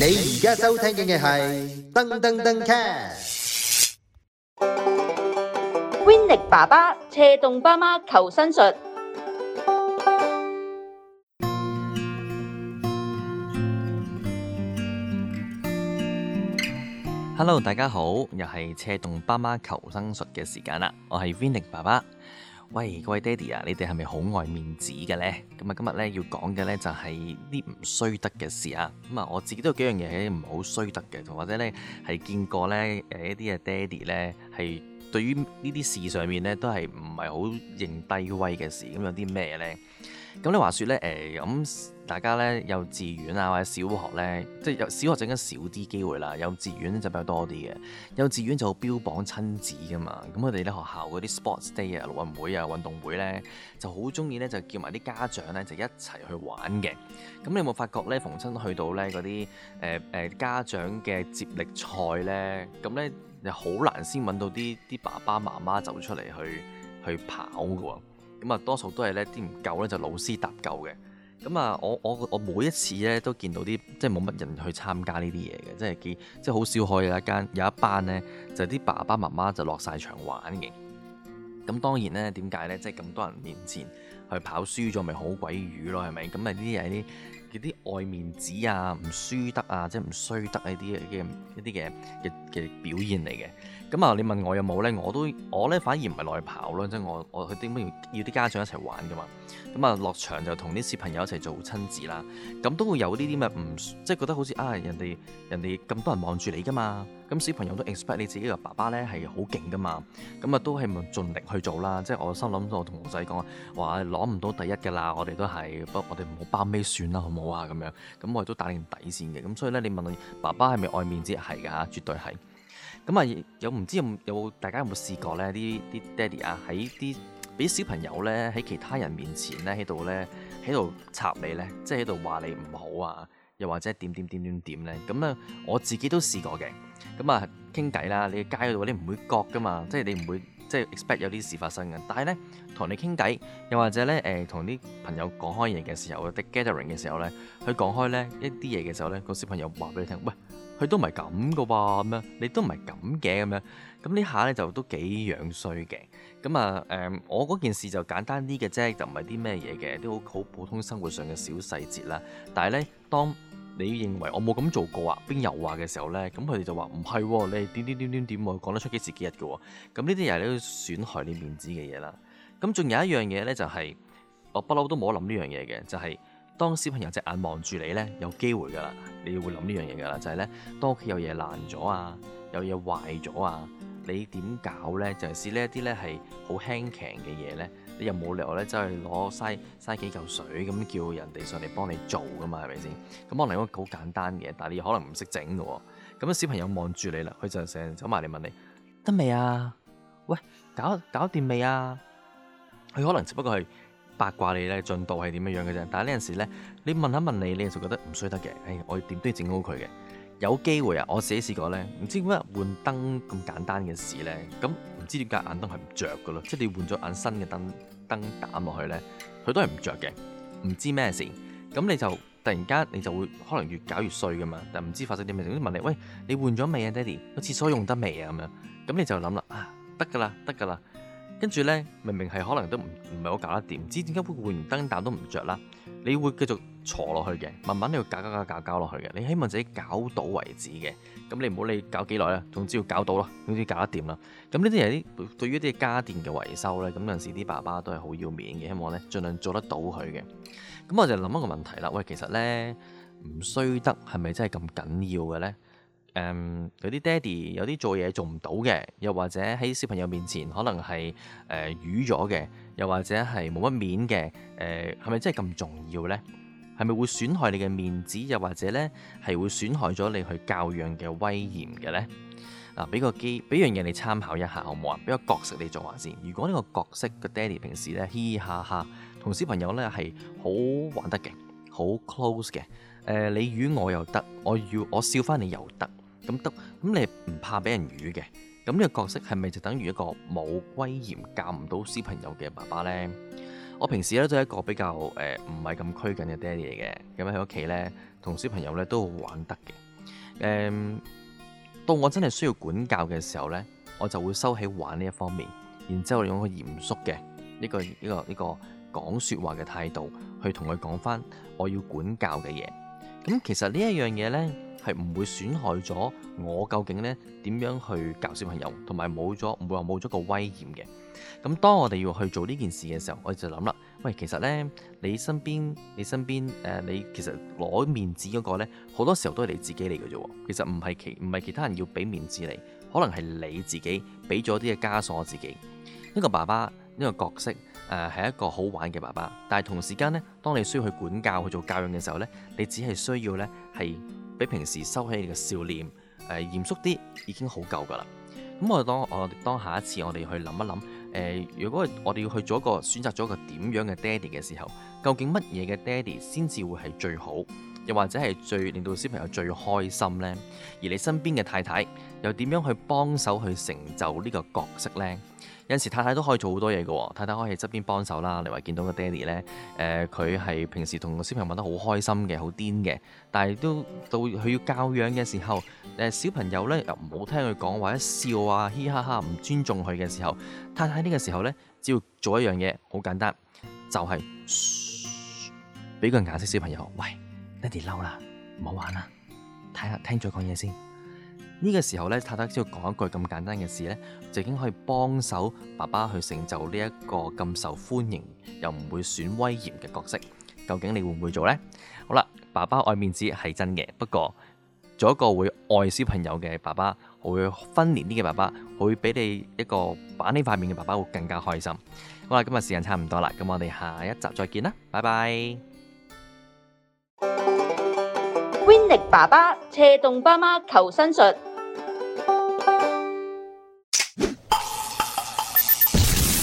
你而家收聽嘅係《噔噔噔 Cast》，Vinny 爸爸車動爸媽求生術。Hello，大家好，又係車動爸媽求生術嘅時間啦，我係 Vinny 爸爸。喂，各位爹哋啊，你哋係咪好愛面子嘅咧？咁啊，今日咧要講嘅咧就係啲唔衰得嘅事啊。咁啊，我自己都有幾樣嘢唔好衰得嘅，同或者咧係見過咧誒一啲嘅爹哋咧係。對於呢啲事上面咧，都係唔係好認低威嘅事？咁有啲咩呢？咁你話説呢，誒、呃、咁大家呢，幼稚園啊或者小學呢，即係有小學整緊少啲機會啦，幼稚園就比較多啲嘅。幼稚園就標榜親子噶嘛，咁佢哋呢，學校嗰啲 sports day 啊、運會啊、運動會呢，就好中意呢，就叫埋啲家長呢，就一齊去玩嘅。咁你有冇發覺呢？逢親去到呢嗰啲誒誒家長嘅接力賽呢？咁呢。好難先揾到啲啲爸爸媽媽走出嚟去去跑嘅喎，咁啊多數都係呢啲唔夠呢，就老師搭救嘅，咁啊我我我每一次呢都見到啲即係冇乜人去參加呢啲嘢嘅，即係幾即係好少去有一間有一班呢，就啲、是、爸爸媽媽就落晒場玩嘅，咁當然呢，點解呢？即係咁多人面前去跑輸咗咪好鬼瘀咯係咪？咁啊呢啲係啲。啲愛面子啊，唔輸得啊，即係唔衰得呢啲嘅一啲嘅嘅嘅表現嚟嘅。咁啊，你問我有冇咧？我都我咧反而唔係內跑咯，即係我我去點解要啲家長一齊玩噶嘛。咁啊，落場就同啲小朋友一齊做親子啦。咁都會有呢啲咩唔即係覺得好似啊人哋人哋咁多人望住你噶嘛。咁小朋友都 expect 你自己個爸爸咧係好勁噶嘛。咁啊都係盡力去做啦。即係我心諗我同個仔講話攞唔到第一㗎啦，我哋都係不我哋唔好包尾算啦咁。冇啊，咁樣咁我哋都打定底線嘅，咁所以咧，你問我爸爸係咪愛面子，係噶吓，絕對係。咁啊，又唔知有有冇大家有冇試過咧？啲啲爹哋啊，喺啲俾小朋友咧喺其他人面前咧喺度咧喺度插你咧，即係喺度話你唔好啊，又或者點點點點點咧咁咧，我自己都試過嘅。咁啊，傾偈啦，你喺街嗰度你唔會覺噶嘛，即係你唔會。即係 expect 有啲事發生嘅，但係咧，同你傾偈，又或者咧，誒，同啲朋友講開嘢嘅時候，的 gathering 嘅時候咧，佢講開咧一啲嘢嘅時候咧，個小朋友話俾你聽，喂，佢都唔係咁㗎喎，咁樣，你都唔係咁嘅，咁樣，咁呢下咧就都幾樣衰嘅，咁啊，誒，我嗰件事就簡單啲嘅啫，就唔係啲咩嘢嘅，都好好普通生活上嘅小細節啦，但係咧，當你認為我冇咁做過啊？邊有話、啊、嘅時候呢？咁佢哋就話唔係喎，你係點點點點點講得出幾時幾日嘅喎、啊？咁呢啲又係喺度損害你面子嘅嘢啦。咁仲有一樣嘢呢，就係、是、我不嬲都冇諗呢樣嘢嘅，就係、是、當小朋友隻眼望住你呢，有機會㗎啦，你要會諗呢樣嘢㗎啦，就係、是、呢：當屋企有嘢爛咗啊，有嘢壞咗啊。你點搞咧？就係試呢一啲咧，係好輕騎嘅嘢咧。你又冇理由咧，真係攞嘥嘥幾嚿水咁，叫人哋上嚟幫你做噶嘛，係咪先？咁可能一個好簡單嘅，但係你可能唔識整嘅喎。咁小朋友望住你啦，佢就成日走埋嚟問你得未啊？喂，搞搞掂未啊？佢可能只不過係八卦你咧進度係點樣樣嘅啫。但係呢陣時咧，你問一問你，你就實覺得唔衰得嘅。誒、哎，我點都要整好佢嘅。有機會啊！我自己試過咧，唔知點解換燈咁簡單嘅事咧，咁唔知點解眼燈係唔着嘅咯。即係你換咗眼新嘅燈燈膽落去咧，佢都係唔着嘅，唔知咩事。咁你就突然間你就會可能越搞越衰噶嘛，但唔知發生啲咩事。咁問你喂，你換咗未啊，爹哋？個廁所用得未啊咁樣？咁你就諗啦，啊得㗎啦，得㗎啦。跟住咧，明明係可能都唔唔係好搞得掂，唔知點解換完燈膽都唔着啦。你會繼續。坐落去嘅，慢慢你要搞搞搞搞落去嘅。你希望自己搞到為止嘅，咁你唔好理搞幾耐啦。總之要搞到咯，總之搞得掂啦。咁呢啲嘢，啲對於啲家電嘅維修呢，咁有陣時啲爸爸都係好要面嘅，希望呢盡量做得到佢嘅。咁我就諗一個問題啦，喂，其實呢，唔衰得係咪真係咁緊要嘅呢？誒、嗯，有啲爹哋有啲做嘢做唔到嘅，又或者喺小朋友面前可能係誒瘀咗嘅，又或者係冇乜面嘅，誒係咪真係咁重要呢？係咪會損害你嘅面子，又或者呢係會損害咗你去教養嘅威嚴嘅呢？嗱，俾個機，俾樣嘢你參考一下，好唔好啊？俾個角色你做下先。如果呢個角色個爹哋平時呢嘻嘻哈哈，同小朋友呢係好玩得嘅，好 close 嘅，誒、呃、你語我又得，我要我笑翻你又得，咁得，咁你唔怕俾人語嘅？咁呢個角色係咪就等於一個冇威嚴、教唔到小朋友嘅爸爸呢？我平時咧都係一個比較誒，唔係咁拘謹嘅 daddy 嚟嘅，咁喺屋企咧同小朋友咧都好玩得嘅。誒、呃，到我真係需要管教嘅時候咧，我就會收起玩呢一方面，然之後用一個嚴肅嘅一個一個一個講說話嘅態度去同佢講翻我要管教嘅嘢。咁其實呢一樣嘢呢，係唔會損害咗我究竟咧點樣去教小朋友，同埋冇咗唔會話冇咗個威嚴嘅。咁當我哋要去做呢件事嘅時候，我就諗啦，喂，其實呢，你身邊你身邊誒、呃，你其實攞面子嗰、嗰個咧，好多時候都係你自己嚟嘅啫。其實唔係其唔係其他人要俾面子你，可能係你自己俾咗啲嘅枷鎖自己。一個爸爸一個角色。誒，係一個好玩嘅爸爸，但係同時間呢，當你需要去管教去做教養嘅時候呢，你只係需要呢係比平時收起你嘅笑臉，誒、呃、嚴肅啲已經好夠噶啦。咁、嗯、我當我當下一次我哋去諗一諗，誒、呃，如果我哋要去做一個選擇咗一個點樣嘅爹哋嘅時候，究竟乜嘢嘅爹哋先至會係最好，又或者係最令到小朋友最開心呢？而你身邊嘅太太又點樣去幫手去成就呢個角色呢？有時太太都可以做好多嘢嘅喎，太太可以喺側邊幫手啦。你話見到個爹哋咧，誒佢係平時同個小朋友玩得好開心嘅，好癲嘅，但係都到佢要教養嘅時候，誒小朋友咧又唔好聽佢講或者笑啊，嘻嘻哈哈唔尊重佢嘅時候，太太呢個時候咧，只要做一樣嘢，好簡單，就係、噓，俾個眼色小朋友，喂，爹哋嬲啦，唔好玩啦，睇下聽再講嘢先。呢個時候咧，太太只要講一句咁簡單嘅事咧，就已經可以幫手爸爸去成就呢一個咁受歡迎又唔會損威嚴嘅角色。究竟你會唔會做呢？好啦，爸爸愛面子係真嘅，不過做一個會愛小朋友嘅爸爸，會訓練啲嘅爸爸，會俾你一個板呢塊面嘅爸爸會更加開心。好啦，今日時間差唔多啦，咁我哋下一集再見啦，拜拜。Winny 爸爸斜動，爸媽求新術。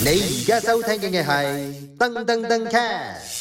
你而家收聽嘅係燈登登 Cast。